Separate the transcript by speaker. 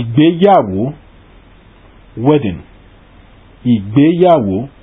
Speaker 1: ìgbéyàwó wedding ìgbéyàwó